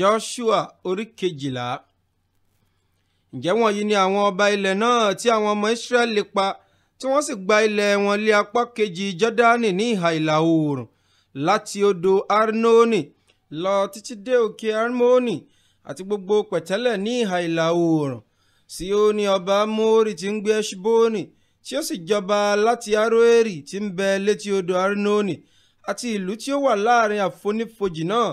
Joshua orí kejìlá ǹjẹ́ wọ̀nyí ni àwọn ọba ilẹ̀ náà tí àwọn ọmọ Israẹli pa tí wọ́n sì gba ilẹ̀ wọn lé apá kejì Jọ́dánì ní ìhà ìlà oòrùn láti odò Arnoni lọ títí dé òkè arnoni. àti gbogbo pẹ̀tẹ́lẹ̀ ní ìhà ìlà oòrùn Síónì ọba Móórì tí ń gbé Ṣibónì tí ó sì jọba láti Aroeri tí ń bẹ létí odò Arnoni àti ìlú tí ó wà láàrin àfonífojì náà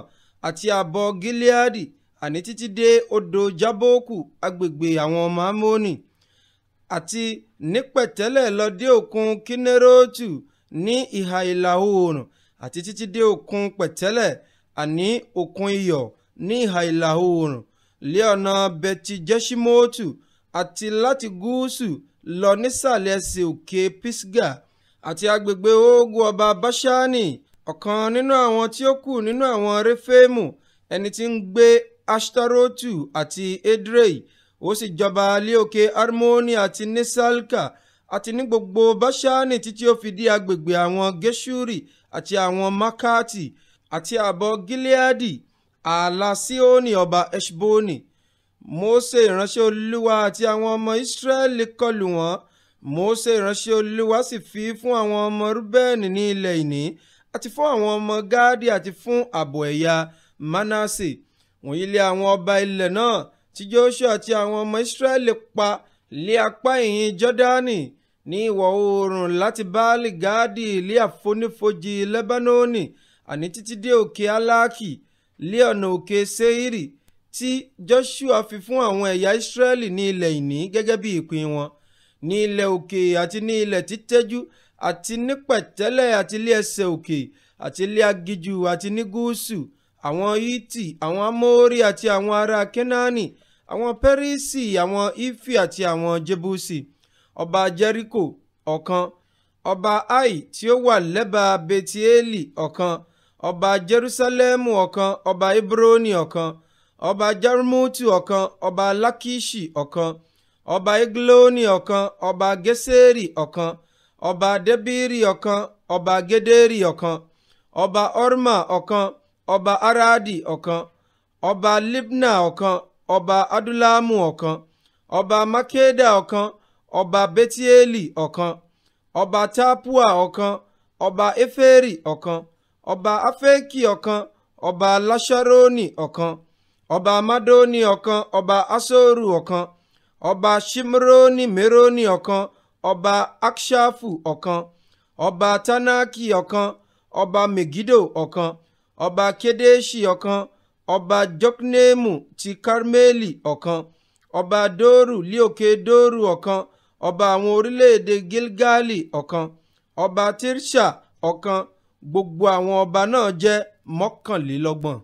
àti ààbọ̀ gileadi àní títí dé odò jábóòkù agbègbè àwọn ọmọ amóni àti nípẹ̀tẹ́lẹ̀ lọ dé òkun kínérótù ní ìhà ìlà oòrùn àti títí dé òkun pẹ̀tẹ́lẹ̀ àní òkun iyọ̀ ní ìhà ìlà oòrùn lé ọ̀nà bẹti jẹ́símóòtù àti láti gúúsù lọ nísàlẹ̀ ẹsẹ̀ òkè pisga àti agbègbè ogun ọba báṣánì ọ̀kan nínú àwọn tí ó kù nínú àwọn réfèémù ẹni tí ń gbé ashtarotu àti edrei ó sì jọba lé òkè harmoni àti nisalka àti ní gbogbo báṣáánì títí ó fi dé agbègbè àwọn geshuri àti àwọn makati àti àbọ̀ gileadi ààlà síónì ọba eshboni mose ìránṣẹ́ olúwa àti àwọn ọmọ israẹli kọlù wọ́n mose ìránṣẹ́ olúwa sì fi fún àwọn ọmọ rúbẹ́ẹ̀nì ní ilẹ̀ ìní àti fún àwọn ọmọ gáàdì àti fún ààbò ẹ̀yà manase wọ̀nyí lé àwọn ọba ilẹ̀ náà tí joshua àti àwọn ọmọ israẹli pa lé apá ìhìn jọ́dánì ní ìwọ̀ oòrùn láti baálì gáàdì ilé àfonífojì lebanoni àní títí dé òkè aláàkì lé ọ̀nà òkè seiri tí joshua fi fún àwọn ẹ̀yà israẹli ní ilẹ̀ ìní gẹ́gẹ́ bí ìpín wọn ní ilẹ̀ òkè àti ní ilẹ̀ títẹ́jú àti ní pẹ̀tẹ́lẹ̀ àti ilé ẹsẹ̀ òkè àti ilé agíjù àti ní gúúsù àwọn hítì àwọn amóórí àti àwọn ará kénáánì àwọn pẹ́rísì àwọn ífì àti àwọn jébúsì ọba jẹ́ríkò ọ̀kan ọba ai tí ó wà lẹ́bàá betieli ọ̀kan ọba jerusalemu ọ̀kan ọba hebroni ọ̀kan ọba jarmutu ọ̀kan ọba lakishi ọ̀kan ọba Igloni, ọ̀kan ọba geseri ọ̀kan ọba debiri ọkan ọba gederi ọkan ọba orma ọkan ọba aradi ọkan ọba libna ọkan ọba adulamu ọkan ọba makeda ọkan ọba betieli ọkan ọba tapua ọkan ọba eferi ọkan ọba afeki ọkan ọba lasharoni ọkan ọba madoni ọ̀kan ọba asoru ọ̀kan ọba shimroni meroni ọ̀kan ọba akshafu ọ̀kan ọba tanaki ọ̀kan ọba megido ọ̀kan ọba kedeshi ọ̀kan ọba joknemu ti karmeli ọ̀kan ọba doru lioke doru ọ̀kan ọba àwọn orílẹ̀-èdè gilgali ọ̀kan ọba tirsha ọ̀kan gbogbo àwọn ọba náà jẹ́ mọ́kànlélọ́gbọ̀n